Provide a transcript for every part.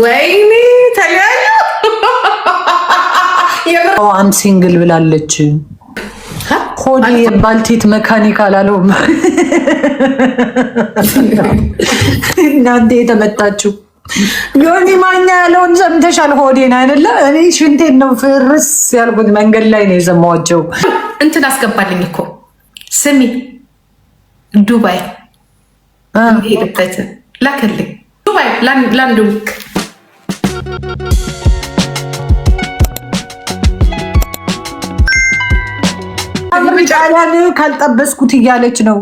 ወይኔ ተለያዩ። አም ሲንግል ብላለች። ሆዲ የባልቴት መካኒክ አላለውም። እናንተ የተመጣችሁ ዮኒ ማኛ ያለውን ሰምተሻል? ሆዴን አይደለ እኔ ሽንቴን ነው ፍርስ ያልኩት። መንገድ ላይ ነው የሰማዋቸው እንትን አስገባልኝ እኮ ስሚ፣ ዱባይ ሄድበት ላክልኝ ዱባይ ላንዱ ጣሊያን ካልጠበስኩት እያለች ነው።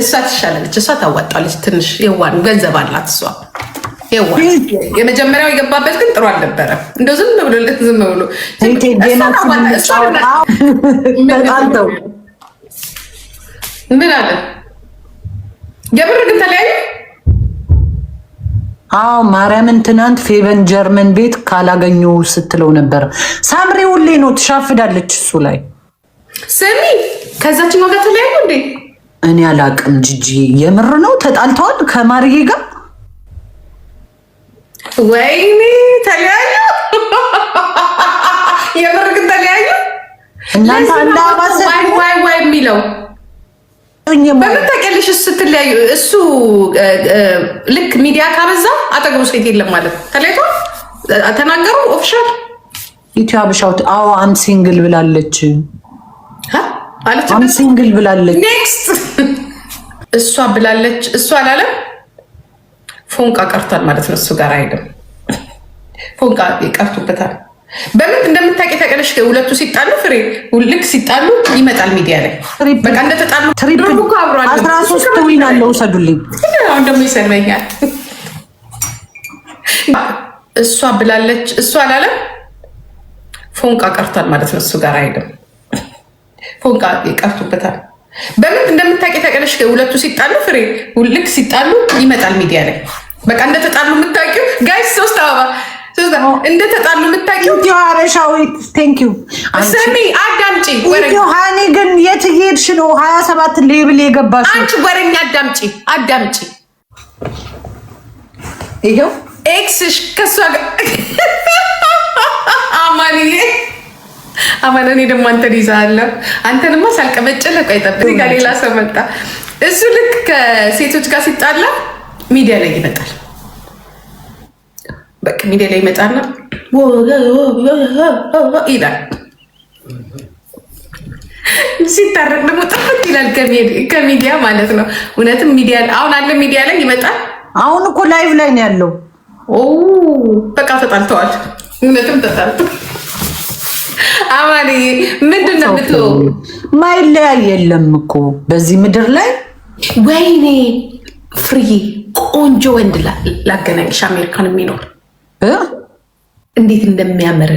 እሷ ትሻላለች። እሷ ታዋጣለች። ትንሽ የዋን ገንዘብ አላት እሷ የዋን። የመጀመሪያው የገባበት ግን ጥሩ አልነበረም። እንደው ዝም ብሎ ዝም ብሎ ምን አለ የምር ግን ተለያዩ አዎ ማርያምን ትናንት ፌቨን ጀርመን ቤት ካላገኙ ስትለው ነበር። ሳምሬ ሁሌ ነው ትሻፍዳለች እሱ ላይ ስሚ። ከዛችኛው ጋር ተለያዩ እንዴ? እኔ አላቅም። ጅጂ የምር ነው ተጣልተዋል ከማርዬ ጋር። ወይኔ ተለያዩ። የምር ግን ተለያዩ። እናንተ አንድ አባሰ ዋይ ዋይ የሚለው ፍቅረኛ በምን ታውቂያለሽ? ስትለያዩ እሱ ልክ ሚዲያ ካበዛ አጠገቡ ሴት የለም ማለት ተለያይቶ ተናገሩ። ኦፊሻል ኢትዮ አበሻውት አዎ አም ሲንግል ብላለች አም ሲንግል ብላለች። ኔክስት እሷ ብላለች እሱ አላለም። ፎንቃ ቀርቷል ማለት ነው። እሱ ጋር አይደለም ፎንቃ ቀርቶበታል። በምን እንደምታውቂ ታውቂያለሽ። ሁለቱ ሲጣሉ ፍሬ ልክ ሲጣሉ ይመጣል ሚዲያ ላይ በቃ እንደተጣሉ አስራ ሶስት ዊን አለው ውሰዱልኝ። አሁን ደግሞ ይሰድበኛል። እሷ ብላለች እሷ አላለም። ፎንቃ ቀርቷል ማለት ነው። እሱ ጋር አይደለም ፎንቃ ይቀርቱበታል። በምን እንደምታውቂ ታውቂያለሽ። ሁለቱ ሲጣሉ ፍሬ ልክ ሲጣሉ ይመጣል ሚዲያ ላይ በቃ እንደተጣሉ የምታውቂው ጋይስ ሶስት አበባ እንደ የምታውቂው ሀበሻዊት ቴንኪው ስሚ አዳምጪ ግን የት እየሄድሽ ነው ሀያ ሰባት ሌብል የገባሽው አንቺ ወረኛ አዳምጪ አዳምጪ ኤክስሽ ከእሷ ጋር አማን እኔ ደግሞ አንተን ይዛለሁ አንተንማ ቆይ ሌላ ሰው መጣ እሱ ልክ ከሴቶች ጋር ሲጣላ ሚዲያ ላይ ይመጣል በቃ ሚዲያ ላይ ይመጣና ይላል። ሲታረቅ ደግሞ ጥፍት ይላል ከሚዲያ ማለት ነው። እውነትም ሚዲያ አሁን አለ ሚዲያ ላይ ይመጣል። አሁን እኮ ላይቭ ላይ ነው ያለው። በቃ ተጣልተዋል። እውነትም ተጣልተ አማን ምንድን ነው ምት ማይለያይ የለም እኮ በዚህ ምድር ላይ ወይኔ ፍርዬ ቆንጆ ወንድ ላገናኝሽ አሜሪካን የሚኖር እንዴት እንደሚያምር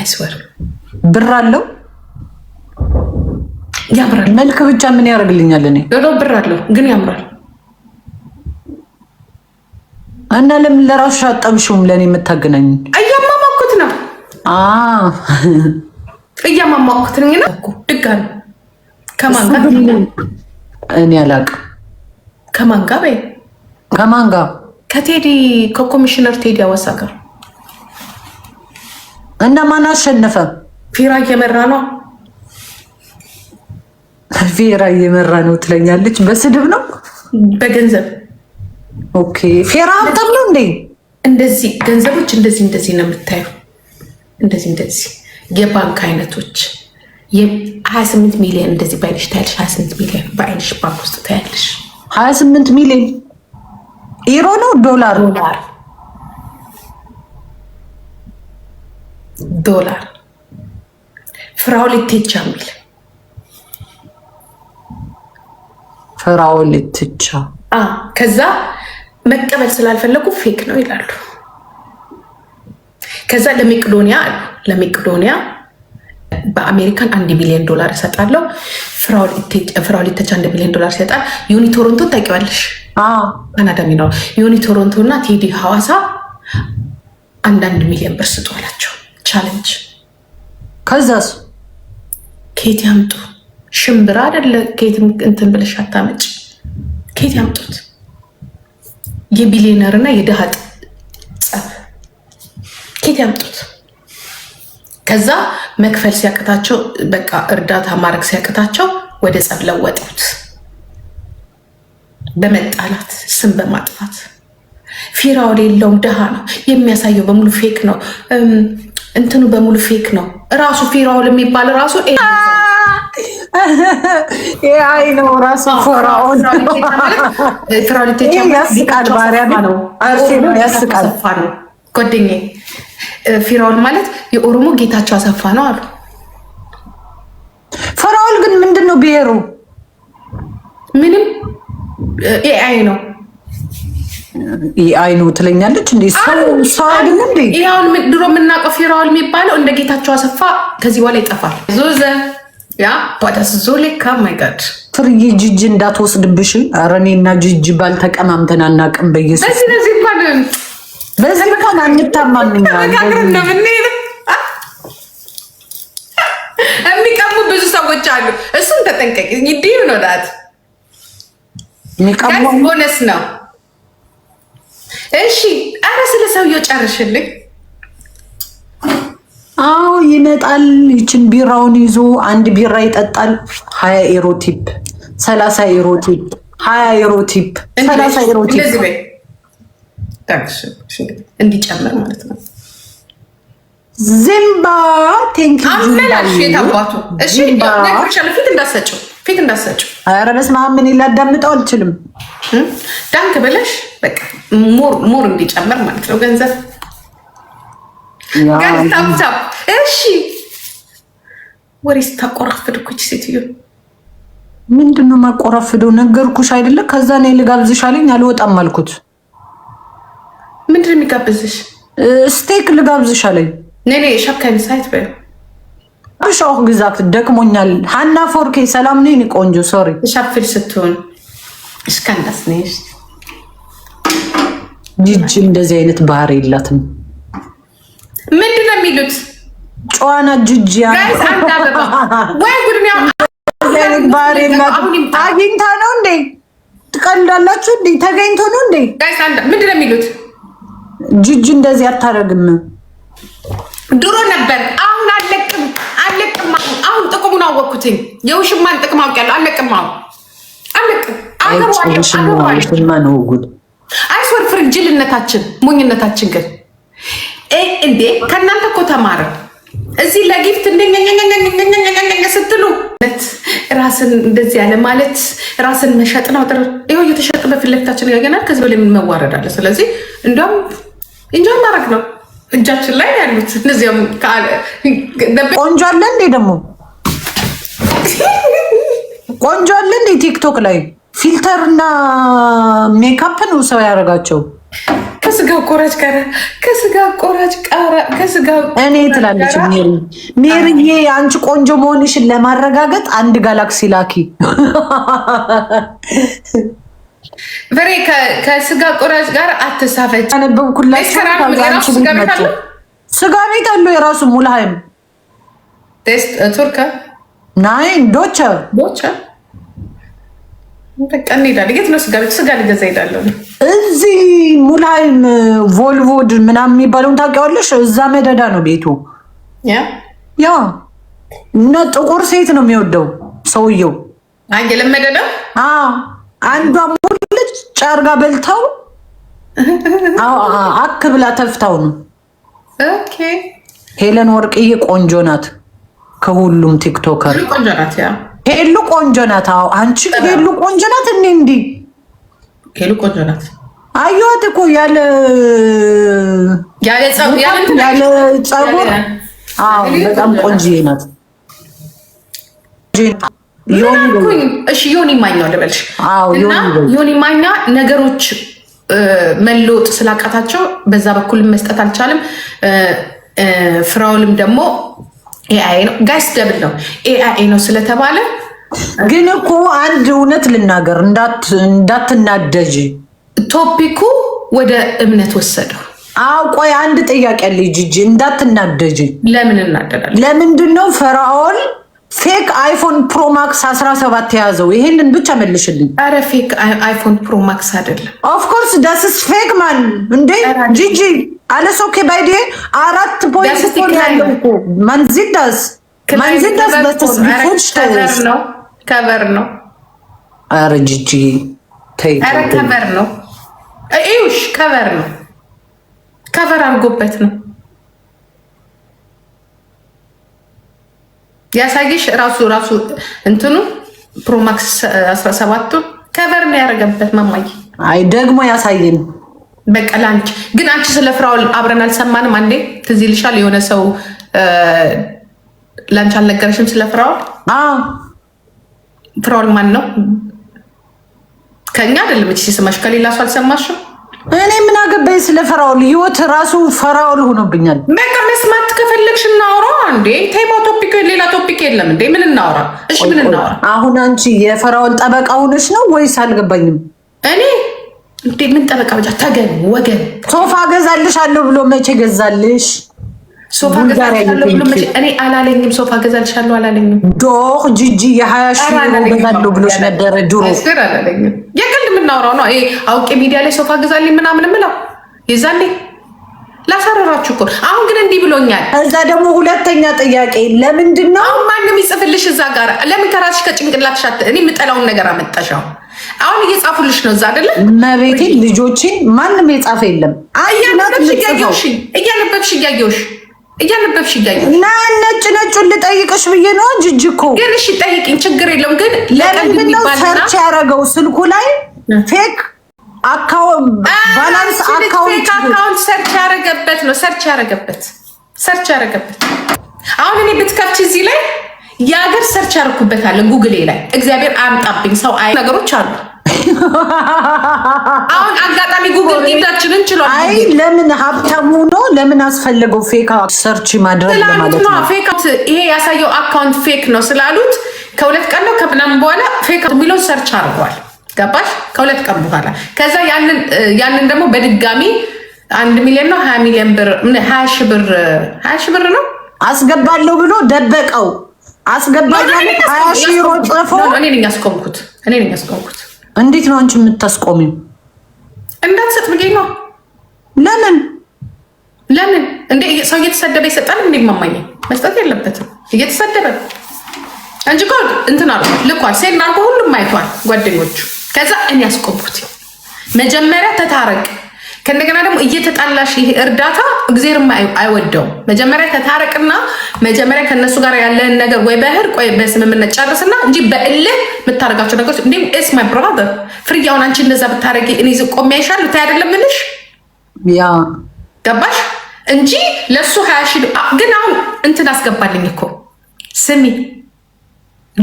አይስወር ብር አለው ያምራል። መልክ ብቻ ምን ያደርግልኛል? እኔ ብር አለው ግን ያምራል። እና ለምን ለራሱ አጠብሽውም? ለእኔ የምታገናኝ እያማማኩት ነው እያማማኩት ነው ድጋሚ ከማን ጋር እኔ አላውቅም። ከማን ጋር በይ ከማን ጋር ከቴዲ ከኮሚሽነር ቴዲ አወሳ ጋር እና ማን አሸነፈ? ፊራ እየመራ ነው። ፌራ እየመራ ነው ትለኛለች። በስድብ ነው በገንዘብ ኦኬ። ፊራ ሀብታም ነው እንዴ? እንደዚህ ገንዘቦች እንደዚህ እንደዚህ ነው የምታየው። እንደዚህ እንደዚህ የባንክ አይነቶች ሀያ ስምንት ሚሊዮን እንደዚህ በአይንሽ ታያለሽ። ሀያ ስምንት ሚሊዮን በአይንሽ ባንክ ውስጥ ታያለሽ። ሀያ ስምንት ሚሊዮን ኢሮ ነው ዶላር? ዶላር ዶላር ፍራው ፍራውልቴቻ የሚል ፍራውልቴቻ። ከዛ መቀበል ስላልፈለጉ ፌክ ነው ይላሉ። ከዛ ለሜቄዶኒያ አሉ በአሜሪካን አንድ ቢሊዮን ዶላር ይሰጣለው። ፍራውልቴቻ አንድ ቢሊዮን ዶላር ይሰጣል። ዩኒ ቶሮንቶን ታውቂዋለሽ? ካናዳ የሚኖሩ ዮኒ ቶሮንቶ እና ቴዲ ሐዋሳ አንዳንድ ሚሊዮን ብር ስጡ አላቸው። ቻለንጅ ኬት ያምጡ። ሽምብራ አደለ ኬት እንትን ብለሽ አታመጭ። ኬት ያምጡት። የቢሊዮነር እና የድሃ ጸብ ኬት ያምጡት። ከዛ መክፈል ሲያቅታቸው፣ በቃ እርዳታ ማድረግ ሲያቅታቸው ወደ ጸብ ለወጡት። በመጣላት ስም በማጥፋት ፊራኦል የለውም፣ ድሃ ነው የሚያሳየው በሙሉ ፌክ ነው፣ እንትኑ በሙሉ ፌክ ነው። ራሱ ፊራኦል የሚባል ራሱ ይ ነው ራሱ ፊራኦል ያስቃል፣ ባሪያ ነው፣ ያስቃል ነው ጓደኛ ፊራኦል ማለት የኦሮሞ ጌታቸው አሰፋ ነው አሉ። ፊራኦል ግን ምንድን ነው ብሄሩ? ምንም ኤአይ ነው ኤአይ ነው ትለኛለች። እንደ ሰው አይደለ እንዴ? ይሁን ድሮ የምናውቀው ፊራውል የሚባለው እንደ ጌታቸው አሰፋ ከዚህ በኋላ ይጠፋል። ዞዘ ያ ፖተስ ዞሌካ ማይጋድ ፍርዬ ጅጅ እንዳትወስድብሽ። ኧረ እኔ እና ጅጅ ባልተቀማምተን አናውቅም። በየሱስ በዚህ በዚህ እንኳን በዚህ እንኳን አንታማምኛ የሚቀሙ ብዙ ሰዎች አሉ። እሱን ተጠንቀቂ። ይዲህ ነው ዳት ቦነስ ነው። እሺ፣ አረ ስለ ሰውየው ጨርሽልኝ። አዎ ይመጣል። ይችን ቢራውን ይዞ አንድ ቢራ ይጠጣል። ሀያ ኤሮ ቲፕ፣ ሰላሳ ኤሮ ቲፕ፣ ሀያ ኤሮ ቲፕ፣ ሰላሳ ኤሮ ቲፕ እንዲጨምር ማለት ነው። ዚምባ ቴንክ ዩ ፊት እንዳሰጭው ፊት እንዳሰጭው። ኧረ በስመ አብ ላዳምጠው አልችልም። ዳንክ ብለሽ ሞር እንዲጨምር ማለት ነው ገንዘብ ጋታብታብ። እሺ ወሬ ስታቆራፍድኩች ሴትዮ ምንድን ነው የማቆራፍደው? ነገርኩሽ አይደለ? ከዛ ኔ ልጋብዝሽ አለኝ አልወጣም አልኩት። ምንድን የሚጋብዝሽ? ስቴክ ልጋብዝሽ አለኝ። ኔ ሻካኝ ሳይት በ አብሻው ግዛት ደክሞኛል። ሀና ፎርኬ ሰላም ነኝ። ቆንጆ ሶሪ ሸፍል ስትሆን እስከንዳስ ነሽ ጅጅ እንደዚህ አይነት ባህሪ የላትም። ምንድን ነው የሚሉት? ጨዋና ጅጅ ባህሪ አግኝታ ነው እንዴ? ትቀልዳላችሁ እንዴ? ተገኝቶ ነው እንዴ? ምንድን ነው የሚሉት? ጅጅ እንደዚህ አታደርግም። ድሮ ነበር አለቅም። አሁን አሁን ጥቅሙን አወቅኩትኝ። የውሽማን ጥቅም አውቄያለሁ። አለቅም። አሁን አለቅም። ነው ጉድ። ጅልነታችን፣ ሞኝነታችን ግን እንዴ ከእናንተ እኮ ተማረ እዚህ ለጊፍት እንደኛኛኛኛኛኛኛኛ ስትሉ ራስን እንደዚህ ያለ ማለት ራስን መሸጥ ነው። ጥር ይኸው እየተሸጠ በፊት ለፊታችን ያገናል። ከዚህ በላይ አለ? ስለዚህ እንዲያውም እንጃ ማድረግ ነው። እጃችን ላይ ያሉት እነዚያም ቆንጆ አለ እንዴ? ደግሞ ቆንጆ አለ እንዴ? ቲክቶክ ላይ ፊልተር እና ሜካፕ ነው ሰው ያደረጋቸው። ከስጋ ቆራጭ ቀረ፣ ከስጋ ቆራጭ ቀረ፣ ከስጋ እኔ ትላለች ሜሪ። ሜሪዬ አንቺ ቆንጆ መሆንሽን ለማረጋገጥ አንድ ጋላክሲ ላኪ። ፍሬ ከስጋ ቁራጭ ጋር አትሳፈጭ። አነበብኩላችሁ። ስጋ ቤት አሉ የራሱ ሙልሃይም ቱርክ ናይ ዶቸ ዶቸ ቀን እሄዳለሁ። የት ነው ስጋ ቤት? ስጋ ልገዛ እሄዳለሁ። እዚህ ሙልሃይም ቮልቮድ ምናምን የሚባለውን ታውቂዋለሽ? እዛ መደዳ ነው ቤቱ። ያ እና ጥቁር ሴት ነው የሚወደው ሰውየው። አየለም መደዳ አንዷ ሙልጭ አድርጋ በልተው አክ ብላ ተፍታው ነው። ሄለን ወርቅዬ ቆንጆ ናት። ከሁሉም ቲክቶከር ሄሉ ቆንጆ ናት። አዎ አንቺ ሄሉ ቆንጆ ናት። እኔ እንዲህ ሄሉ ቆንጆ ናት። አየኋት እኮ ያለ ያለ ፀጉር። አዎ በጣም ቆንጆዬ ናት። ዮኒ ማኛ ልበልሽ እና ዮኒ ማኛ ነገሮች መለወጥ ስላቃታቸው በዛ በኩል መስጠት አልቻለም። ፍራውልም ደግሞ ኤአይ ነው ጋይስ ደብል ነው ኤአይ ነው ስለተባለ ግን እኮ አንድ እውነት ልናገር እንዳትናደጅ ቶፒኩ ወደ እምነት ወሰደው። አዎ ቆይ አንድ ጥያቄ አለ እንዳትናደጅ። ለምን እናደዳለን? ለምንድን ነው ፌክ አይፎን ፕሮማክስ 17 የያዘው ይሄንን ብቻ መልሽልኝ። አረ ፌክ አይፎን ፕሮማክስ አይደለም። ኦፍኮርስ ደስስ ፌክ ማን እንዴ ጂጂ አለስ ኦኬ ባይዴ አራት ፖይንት ያለው እኮ ማንዚዳስ ማንዚዳስ ዳስስ ቢፎች ነው ከበር ነው። አረ ጂጂ ተይ፣ አረ ከበር ነው። እዩሽ ከበር ነው። ከበር አድርጎበት ነው ያሳየሽ ራሱ ራሱ እንትኑ ፕሮማክስ 17 ከቨር ነው ያደረገበት። ማማይ አይ ደግሞ ያሳየን በቃ ግን አንቺ ስለ ፍራውል አብረን አልሰማንም። አንዴ ትዝ ይልሻል የሆነ ሰው ላንቺ አልነገረሽም ስለ ፍራውል? ፍራውል ማን ነው? ከእኛ አይደለም ስማሽ፣ ከሌላ ሰው አልሰማሽም? እኔ ምን አገባኝ ስለ ፈራውል ህይወት ራሱ ፈራውል ሆኖብኛል። በቃ መስማት ከፈለግሽ እናውራ እንዴ። ቴማ ቶፒክ ሌላ ቶፒክ የለም እንዴ? ምን እናውራ? እሺ ምን እናውራ? አሁን አንቺ የፈራውል ጠበቃ ሆነሽ ነው ወይስ? አልገባኝም እኔ እንዴ ምን ጠበቃ ብቻ ተገን ወገን ሶፋ ገዛልሽ አለው ብሎ መቼ ገዛልሽ? ሶፋ ገዛልሻለሁ ብሎ እኔ አላለኝም። ሶፋ ገዛልሻለሁ አላለኝም። ዶቅ ጂጂ የሀያ ሺህ ገዛለሁ ብሎች ነበረ ድሮ። የግል የምናወራው ነው። አውቄ ሚዲያ ላይ ሶፋ ገዛልኝ ምናምን ምለው የዛኔ ላሳረራችሁ እኮ። አሁን ግን እንዲህ ብሎኛል። እዛ ደግሞ ሁለተኛ ጥያቄ ለምንድን ነው አሁን ማንም ይጽፍልሽ? እዛ ጋር ለምን ከራስሽ ከጭንቅላትሽ እኔ የምጠላውን ነገር አመጣሻው። አሁን እየጻፉልሽ ነው እዛ አይደለ? መቤቴን ልጆቼ ማንም የጻፈ የለም። እያነበብሽ እያየሁሽ እያነበብሽ እያየሁ እና ነጭ ነጩን ልጠይቅሽ ብዬ ነው። ጅጅ እኮ ግን እሺ ጠይቅኝ፣ ችግር የለም ግን ለምንድን ነው ሰርች ያደረገው ስልኩ ላይ ፌክ ባላንስ አካውንት ሰርች ያደረገበት ነው። ሰርች ያደረገበት ሰርች ያደረገበት አሁን እኔ ብትከፍች እዚህ ላይ የሀገር ሰርች አለ ጉግሌ ላይ እግዚአብሔር አምጣብኝ ሰው አይ ነገሮች አሉ አሁን አጋጣሚ ጉግል ዲታችንን ችሏል። አይ ለምን ሀብታሙ ነው? ለምን አስፈለገው ፌክ ሰርች ማድረግ ለማለት ነው። ፌክ ይሄ ያሳየው አካውንት ፌክ ነው ስላሉት ከሁለት ቀን ነው ከምናምን በኋላ ፌክ የሚለው ሰርች አድርጓል። ገባሽ? ከሁለት ቀን በኋላ ከዛ ያንን ደግሞ በድጋሚ አንድ ሚሊዮን ነው ሀያ ሚሊዮን ብር ሀያ ሺህ ብር ሀያ ሺህ ብር ነው አስገባለሁ ብሎ ደበቀው። አስገባለሁ ሀያ ሺህ ሮ ጽፎ እኔ ነኝ ያስቆምኩት እኔ ነኝ ያስቆምኩት እንዴት ነው አንቺ የምታስቆሚው? እንዳትሰጥ ብዬ ነው። ለምን ለምን እንዴ ሰው እየተሰደበ ይሰጣል? እንዴ? ማማኝ መስጠት የለበትም እየተሰደበ እንጂ ጋር እንትን አሉ ልኳል። ሴት አርጎ ሁሉም አይቷል ጓደኞቹ። ከዛ እኔ ያስቆቡት መጀመሪያ ተታረቅ ከእንደገና ደግሞ እየተጣላሽ ይሄ እርዳታ እግዜር አይወደው። መጀመሪያ ተታረቅና መጀመሪያ ከእነሱ ጋር ያለን ነገር ወይ በህር ቆይ በስምምነት ጨርስና እንጂ በእልህ የምታደርጋቸው ነገሮች እንዲም ስ ማይ ብራዘር ፍርያውን አንቺ እንደዛ ብታደረጊ እኔ ዝቆም ያይሻል ታ አይደለም ምልሽ ያ ገባሽ እንጂ ለእሱ ሀያ ሺ ግን አሁን እንትን አስገባልኝ እኮ ስሚ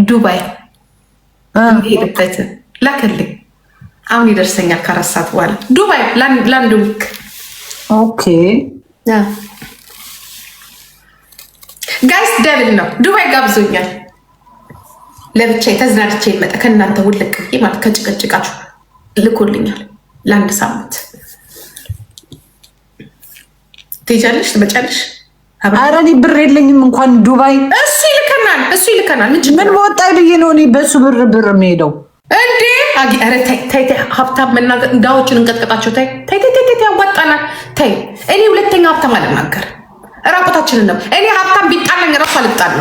ዱባይ ሄድበትን ላከልኝ አሁን ይደርሰኛል ከአራት ሰዓት በኋላ ዱባይ ለአንድ ዊክ። ኦኬ ጋይስ ደብል ነው። ዱባይ ጋብዞኛል ለብቻ ተዝናድቼ ይመጣ ከእናንተ ውልቅ ማለት ከጭቅጭቃችሁ ልኮልኛል። ለአንድ ሳምንት ትሄጃለሽ ትመጫለሽ። ኧረ እኔ ብር የለኝም እንኳን ዱባይ። እሱ ይልከናል እሱ ይልከናል። ምን በወጣ ብዬ ነው እኔ በእሱ ብር ብር የምሄደው እንዲ ሀብታም መናገር ዳዎችን እንቀጥቀጣቸው። ታይ ታይ ታይ ያዋጣናል። ታይ እኔ ሁለተኛ ሀብታም አልናገር ራቁታችንን ነው። እኔ ሀብታም ቢጣላኝ ራሱ አልጣል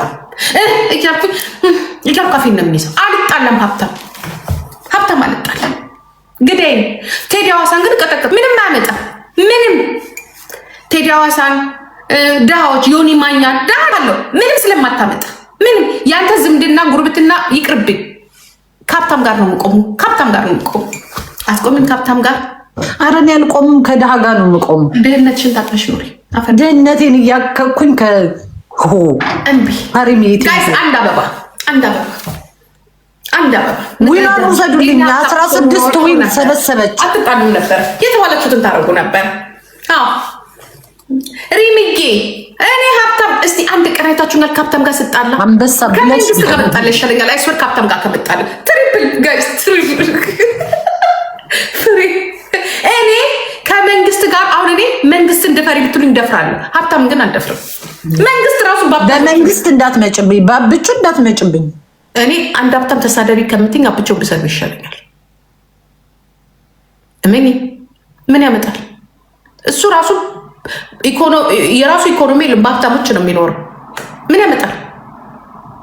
እያልኩ አፌን ነው የሚይዘው። አልጣለም ሀብታም ሀብታም አልጣለም። ግዳይ ቴዲ ሀዋሳን ግን ቀጠቀጥ ምንም አያመጣም። ምንም ቴዲ ሀዋሳን ድሃዎች ዮኒ ማኛ ድሃ አለው ምንም ስለማታመጣ ምንም ያንተ ዝምድና ጉርብትና ይቅርብኝ። ከሀብታም ጋር ነው የምቆሙ። ከሀብታም ጋር ነው የምቆሙ። አስቆሚን ከሀብታም ጋር አረን ያልቆሙም ከድሃ ጋር ነው የምቆሙ። ድህነትሽን ታቅመሽ ኑሪ። ድህነቴን እያከኩኝ ከ ሪሚት አንድ አበባ አንድ አበባ አንድ አበባ ዊናን ውሰዱልኝ። አስራ ስድስት ሰበሰበች። አትጣሉ ነበር፣ የተባላችሁትን ታደርጉ ነበር። ሪምጌ እኔ ሀብታም እስቲ አንድ ቀን አይታችሁኛል። ከሀብታም ጋር ስጣላ አንበሳ ከመንግስት ጋር ብጣላ ይሻለኛል። አይስወር ከሀብታም ጋር ከብጣላ ትሪፕል ጋይስ ትሪፕል ፍሪ እኔ ከመንግስት ጋር አሁን እኔ መንግስት እንደፈሪ ብትሉ እንደፍራለሁ። ሀብታም ግን አልደፍርም። መንግስት ራሱ በመንግስት እንዳትመጭብኝ፣ ባብቹ እንዳትመጭብኝ። እኔ አንድ ሀብታም ተሳደቢ ከምትኝ አብቸው ብሰሩ ይሻለኛል። ምን ምን ያመጣል እሱ ራሱ የራሱ ኢኮኖሚ በሀብታሞች ነው የሚኖር ምን ያመጣል?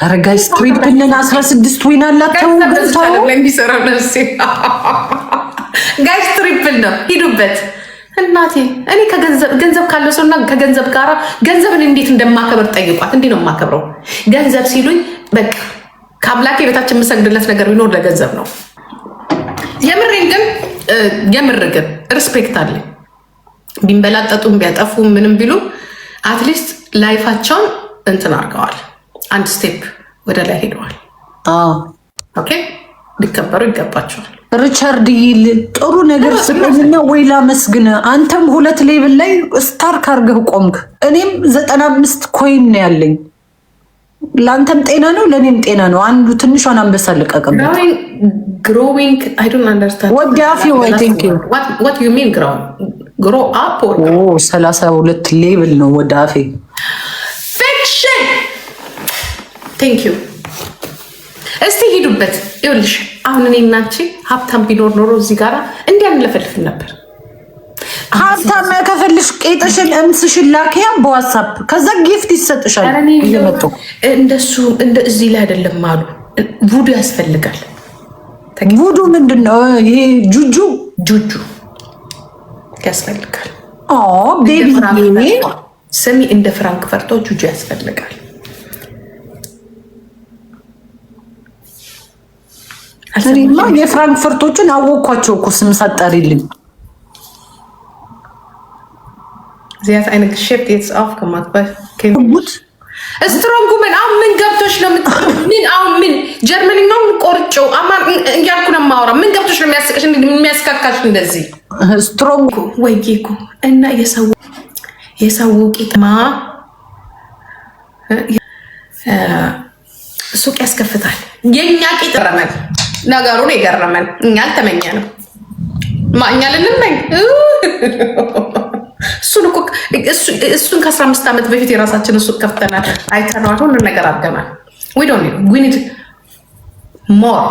አረጋይ ጋይስ ትሪፕልን አስራ ስድስት ወይን አላቸው የሚሰራው ነፍሴ ነው ሂዱበት። እናቴ እኔ ገንዘብ ካለው ሰውና ከገንዘብ ጋር ገንዘብን እንዴት እንደማከብር ጠይቋት። እንዲህ ነው የማከብረው። ገንዘብ ሲሉኝ በቃ ከአምላኬ በታች የምሰግድለት ነገር ቢኖር ለገንዘብ ነው። የምሬን ግን የምር ግን ሪስፔክት አለኝ ቢንበላጠጡም ቢያጠፉ ምንም ቢሉ አትሊስት ላይፋቸውን እንትን አድርገዋል። አንድ ስቴፕ ወደ ላይ ሄደዋል። ኦኬ ሊከበሩ ይገባቸዋል። ሪቻርድ ይል ጥሩ ነገር ስጠኝና ወይ ላመስግን። አንተም ሁለት ሌብል ላይ ስታርክ አርገህ ቆምክ። እኔም ዘጠና አምስት ኮይን ነው ያለኝ። ለአንተም ጤና ነው ለእኔም ጤና ነው። አንዱ ትንሿን አንበሳ ልቀቅም። ግሮዊንግ ወደ አፍ ወይ ቴንክ ዩ ግሮ አፕ ሰላሳ ሁለት ሌብል ነው ወደ አፌ ፊክሽን። ቴንክ ዩ። እስቲ ሂዱበት። ይኸውልሽ አሁን እኔ እና ሀብታም ቢኖር ኖሮ እዚህ ጋራ እንዲህ አንለፈልፍን ነበር። ሀብታም ከፈልሽ ቄጥሽን እምስሽን ላኪያ በዋትሳፕ ከዛ ጊፍት ይሰጥሻል። እንደሱ እዚህ ላይ አይደለም አሉ ቡዱ ያስፈልጋል። ቡዱ ምንድን ነው ይሄ? ጁጁ ጁጁ ያስፈልጋል። ስሚ፣ እንደ ፍራንክፈርቶ ጁጁ ያስፈልጋል። እኔማ የፍራንክፈርቶቹን አወቅኳቸው እኮ ስም ሳጠሪልኝ ዚያት አይነት ጉት ስትሮንጉ ምን አሁን ምን ገብቶች ነው ምን አሁን ምን ጀርመኒ ነው ቆርጬው አማ እያልኩ ነው የማወራው። ምን ገብቶች ነው የሚያስቅሽ የሚያስካካሽ እንደዚህ ስትሮንጉ ወይ ጌኩ እና የሰው የሰው ቂጥማ ሱቅ ያስከፍታል። የእኛ ቂጥ ገረመን፣ ነገሩን የገረመን እኛ አልተመኘንም። እኛ ልንመኝ እሱን እኮ እሱን ከአስራ አምስት ዓመት በፊት የራሳችን እሱ ከፍተናል፣ አይተነዋል፣ ሁሉ ነገር አድርገናል። ዊ ዶንት ኒድ ዊ ኒድ ሞር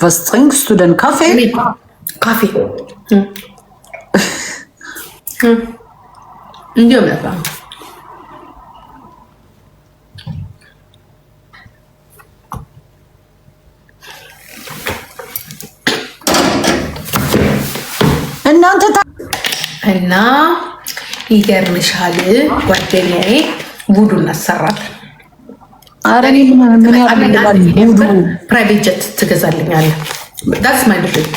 በስተኝ ስቱደንት ካፌ ካፌ እንዲሁም ነበር እናንተ እና ይገርምሻል ጓደኛዬ ቡዱ እናሰራለን። ፕራይቬት ጀት ትገዛልኛለን። ዳስ ማይ ድሪም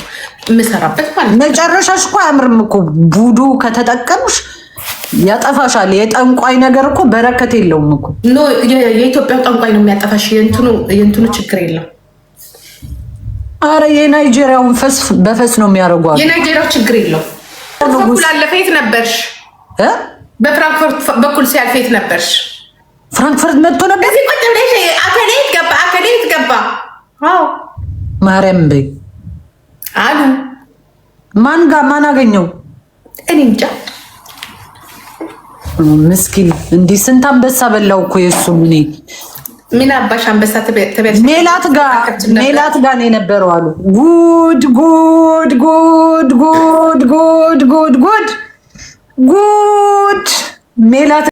የምሰራበት ማለት ነው። መጨረሻሽ እኮ አያምርም እኮ ቡዱ ከተጠቀምሽ ያጠፋሻል። የጠንቋይ ነገር እኮ በረከት የለውም እኮ። የኢትዮጵያ ጠንቋይ ነው የሚያጠፋሽ። የእንትኑ ችግር የለም አረ የናይጄሪያውን ፈስ በፈስ ነው የሚያደርጉ። የናይጄሪያው ችግር የለው በኩል አለፈ። የት ነበርሽ? በፍራንክፈርት በኩል ሲያልፍ የት ነበርሽ? ፍራንክፈርት መጥቶ ነበር። እዚህ ቁጭ ብለሽ አከሌት ገባ፣ አከሌት ገባ። አዎ ማርያም በይ አሉ። ማን ጋ ማን አገኘው? እኔ እንጃ። ምስኪን እንዲህ ስንት አንበሳ በላው እኮ የእሱም እኔ ምን አባሽ አንበሳ ሜላት ጋር ነው የነበረው አሉ። ጉድ ጉድ ጉድ ጉድ ጉድ ጉድ ጉድ ጉድ ሜላት